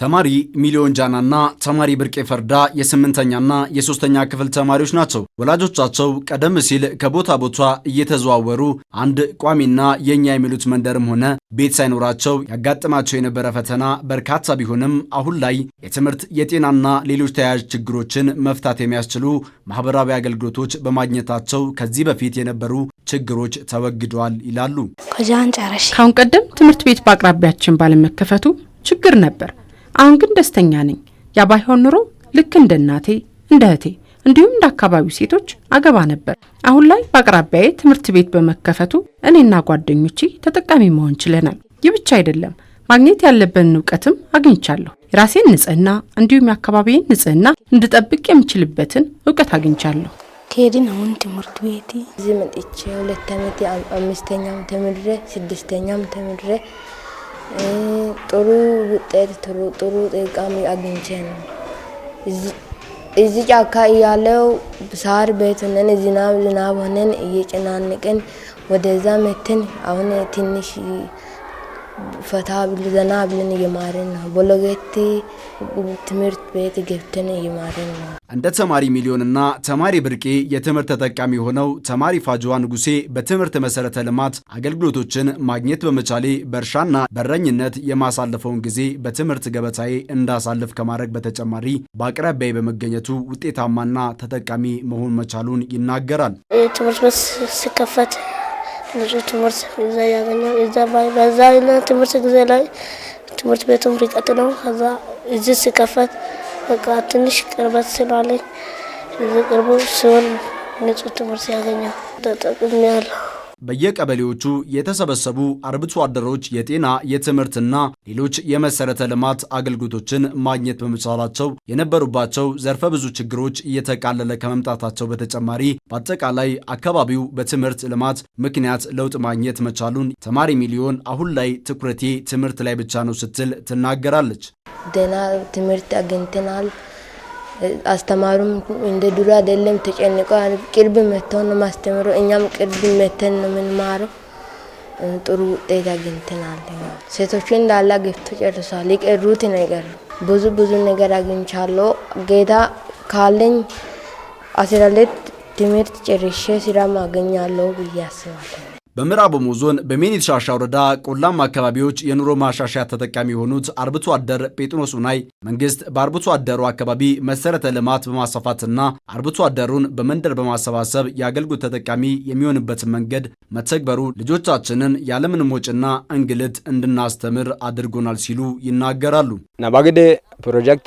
ተማሪ ሚሊዮን ጃናና ተማሪ ብርቄ ፈርዳ የስምንተኛና የሶስተኛ ክፍል ተማሪዎች ናቸው። ወላጆቻቸው ቀደም ሲል ከቦታ ቦታ እየተዘዋወሩ አንድ ቋሚና የእኛ የሚሉት መንደርም ሆነ ቤት ሳይኖራቸው ያጋጥማቸው የነበረ ፈተና በርካታ ቢሆንም አሁን ላይ የትምህርት የጤናና ሌሎች ተያያዥ ችግሮችን መፍታት የሚያስችሉ ማህበራዊ አገልግሎቶች በማግኘታቸው ከዚህ በፊት የነበሩ ችግሮች ተወግደዋል ይላሉ። ከአሁን ቀደም ትምህርት ቤት በአቅራቢያችን ባለመከፈቱ ችግር ነበር። አሁን ግን ደስተኛ ነኝ። ያ ባይሆን ኑሮ ልክ እንደ እናቴ እንደ እህቴ እንዲሁም እንደ አካባቢው ሴቶች አገባ ነበር። አሁን ላይ በአቅራቢያዬ ትምህርት ቤት በመከፈቱ እኔና ጓደኞቼ ተጠቃሚ መሆን ችለናል። ይህ ብቻ አይደለም፣ ማግኘት ያለብንን እውቀትም አግኝቻለሁ። የራሴን ንጽህና እንዲሁም የአካባቢዬን ንጽህና እንድጠብቅ የምችልበትን እውቀት አግኝቻለሁ። ከሄድን አሁን ትምህርት ቤት እዚህ መጥቼ ሁለት ዓመት አምስተኛም ተምሬ ስድስተኛም ተምሬ ጥሩ ውጤት ጥሩ ጥቅም አግኝቼ ነው። እዚህ ጫካ እያለው ሳር ቤት ሆነን ዝናብ ዝናብ ሆነን እየጨናነቅን ወደዛ መትን አሁን ትንሽ ፈታ ብል ዘና ብልን እየማርን ነው። ቦሎጌቴ ትምህርት ቤት ገብተን እየማርን ነው። እንደ ተማሪ ሚሊዮንና ተማሪ ብርቄ የትምህርት ተጠቃሚ የሆነው ተማሪ ፋጅዋ ንጉሴ በትምህርት መሰረተ ልማት አገልግሎቶችን ማግኘት በመቻሌ በእርሻና በረኝነት የማሳልፈውን ጊዜ በትምህርት ገበታዬ እንዳሳልፍ ከማድረግ በተጨማሪ በአቅራቢያ በመገኘቱ ውጤታማና ተጠቃሚ መሆን መቻሉን ይናገራል። ትምህርት ቤት ንጹህ ትምህርት እዛ ያገኛል። በዛ ትምህርት ጊዜ ላይ ትምህርት ቤቱም ርቀት ነው። ከዛ እዚህ ሲከፈት በቃ ትንሽ ቅርበት ስላለኝ እዚህ ቅርቡ ሲሆን ንጹህ ትምህርት ያገኛል። ተጠቅሜያለሁ። በየቀበሌዎቹ የተሰበሰቡ አርብቶ አደሮች የጤና የትምህርትና ሌሎች የመሰረተ ልማት አገልግሎቶችን ማግኘት በመቻላቸው የነበሩባቸው ዘርፈ ብዙ ችግሮች እየተቃለለ ከመምጣታቸው በተጨማሪ በአጠቃላይ አካባቢው በትምህርት ልማት ምክንያት ለውጥ ማግኘት መቻሉን ተማሪ ሚሊዮን አሁን ላይ ትኩረቴ ትምህርት ላይ ብቻ ነው ስትል ትናገራለች። ደህና ትምህርት አግኝተናል። አስተማሩም እንደ ድሮ አይደለም ተጨንቀዋል። ቅርብ መተው ነው ማስተምረው። እኛም ቅርብ መተን ነው የምንማረው። ጥሩ ውጤት አግኝተናል። ሴቶቹ እንዳላ ገፍቶ ጨርሷል። የቀሩት ነገር ብዙ ብዙ ነገር አግኝቻለሁ። ጌታ ካለኝ አስራ ሁለት ትምህርት ጨርሼ ስራ ማገኛለሁ ብዬ አስባለሁ። በምዕራብ ኦሞ ዞን በሜኒት ሻሻ ወረዳ ቆላማ አካባቢዎች የኑሮ ማሻሻያ ተጠቃሚ የሆኑት አርብቶ አደር ጴጥኖስ ኡናይ መንግስት በአርብቶ አደሩ አካባቢ መሰረተ ልማት በማስፋፋትና አርብቶ አደሩን በመንደር በማሰባሰብ የአገልግሎት ተጠቃሚ የሚሆንበትን መንገድ መተግበሩ ልጆቻችንን ያለምንም ወጪና እንግልት እንድናስተምር አድርጎናል ሲሉ ይናገራሉ። ናባግዴ ፕሮጀክት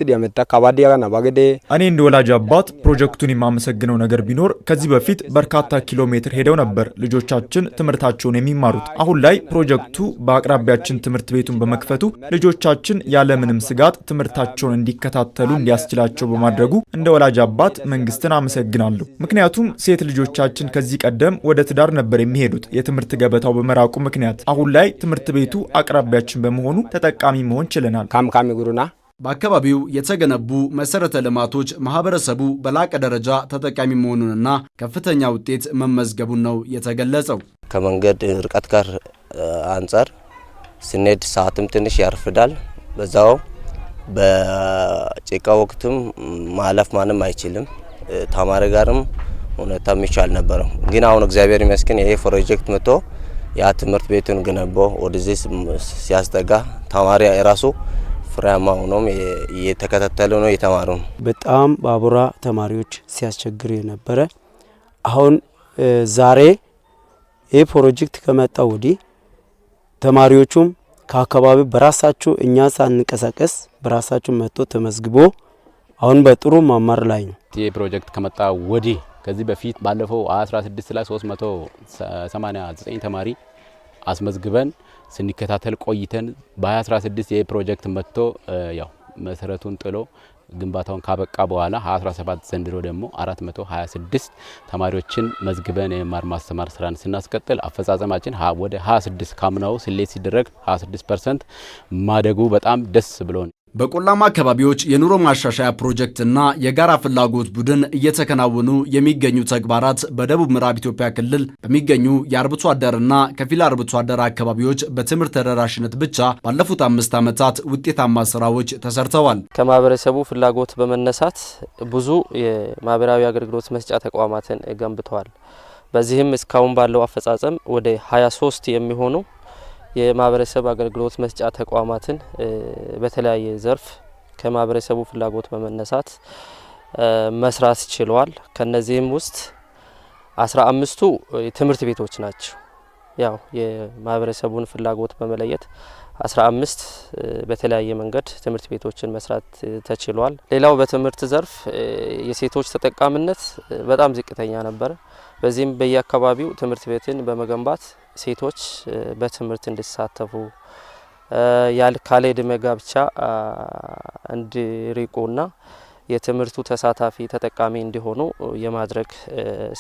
ናባግዴ እኔ እንደ ወላጅ አባት ፕሮጀክቱን የማመሰግነው ነገር ቢኖር ከዚህ በፊት በርካታ ኪሎ ሜትር ሄደው ነበር ልጆቻችን ትምህርት ትምህርታቸውን የሚማሩት። አሁን ላይ ፕሮጀክቱ በአቅራቢያችን ትምህርት ቤቱን በመክፈቱ ልጆቻችን ያለምንም ስጋት ትምህርታቸውን እንዲከታተሉ እንዲያስችላቸው በማድረጉ እንደ ወላጅ አባት መንግስትን አመሰግናለሁ። ምክንያቱም ሴት ልጆቻችን ከዚህ ቀደም ወደ ትዳር ነበር የሚሄዱት የትምህርት ገበታው በመራቁ ምክንያት። አሁን ላይ ትምህርት ቤቱ አቅራቢያችን በመሆኑ ተጠቃሚ መሆን ችለናል። ካምካሚ ጉሩና በአካባቢው የተገነቡ መሰረተ ልማቶች ማህበረሰቡ በላቀ ደረጃ ተጠቃሚ መሆኑንና ከፍተኛ ውጤት መመዝገቡን ነው የተገለጸው። ከመንገድ ርቀት ጋር አንጻር ስንሄድ ሰዓትም ትንሽ ያርፍዳል። በዛው በጭቃ ወቅትም ማለፍ ማንም አይችልም። ተማሪ ጋርም እውነታ የሚቻል ነበረ። ግን አሁን እግዚአብሔር ይመስገን ይሄ ፕሮጀክት መጥቶ ያ ትምህርት ቤቱን ገነቦ ወደዚህ ሲያስጠጋ ተማሪ የራሱ ፍሬያማ ሆኖም እየተከታተሉ ነው የተማሩ ነው። በጣም ባቡራ ተማሪዎች ሲያስቸግር የነበረ አሁን ዛሬ ይህ ፕሮጀክት ከመጣ ወዲህ ተማሪዎቹም ከአካባቢው በራሳቸው እኛ ሳንቀሳቀስ በራሳቸው መጥቶ ተመዝግቦ አሁን በጥሩ መማር ላይ ነው። ይህ ፕሮጀክት ከመጣ ወዲህ ከዚህ በፊት ባለፈው 16 ላይ 389 ተማሪ አስመዝግበን ስንከታተል ቆይተን በ2016 ይህ ፕሮጀክት መጥቶ ያው መሰረቱን ጥሎ ግንባታውን ካበቃ በኋላ 2017 ዘንድሮ ደግሞ 426 ተማሪዎችን መዝግበን የመማር ማስተማር ስራን ስናስቀጥል አፈጻጸማችን ወደ 26 ካምናው ስሌት ሲደረግ 26 ፐርሰንት ማደጉ በጣም ደስ ብሎን በቆላማ አካባቢዎች የኑሮ ማሻሻያ ፕሮጀክትና የጋራ ፍላጎት ቡድን እየተከናወኑ የሚገኙ ተግባራት በደቡብ ምዕራብ ኢትዮጵያ ክልል በሚገኙ የአርብቶ አደርና ከፊል አርብቶ አደር አካባቢዎች በትምህርት ተደራሽነት ብቻ ባለፉት አምስት ዓመታት ውጤታማ ስራዎች ተሰርተዋል። ከማህበረሰቡ ፍላጎት በመነሳት ብዙ የማህበራዊ አገልግሎት መስጫ ተቋማትን ገንብተዋል። በዚህም እስካሁን ባለው አፈጻጸም ወደ 23 የሚሆኑ የማህበረሰብ አገልግሎት መስጫ ተቋማትን በተለያየ ዘርፍ ከማህበረሰቡ ፍላጎት በመነሳት መስራት ችሏል። ከነዚህም ውስጥ አስራ አምስቱ ትምህርት ቤቶች ናቸው። ያው የማህበረሰቡን ፍላጎት በመለየት አስራ አምስት በተለያየ መንገድ ትምህርት ቤቶችን መስራት ተችሏል። ሌላው በትምህርት ዘርፍ የሴቶች ተጠቃሚነት በጣም ዝቅተኛ ነበረ። በዚህም በየአካባቢው ትምህርት ቤትን በመገንባት ሴቶች በትምህርት እንዲሳተፉ ያልካለ ዕድሜ ጋብቻ እንዲርቁና የትምህርቱ ተሳታፊ ተጠቃሚ እንዲሆኑ የማድረግ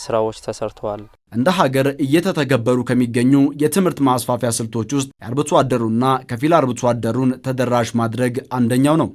ስራዎች ተሰርተዋል። እንደ ሀገር እየተተገበሩ ከሚገኙ የትምህርት ማስፋፊያ ስልቶች ውስጥ የአርብቶ አደሩና ከፊል አርብቶ አደሩን ተደራሽ ማድረግ አንደኛው ነው።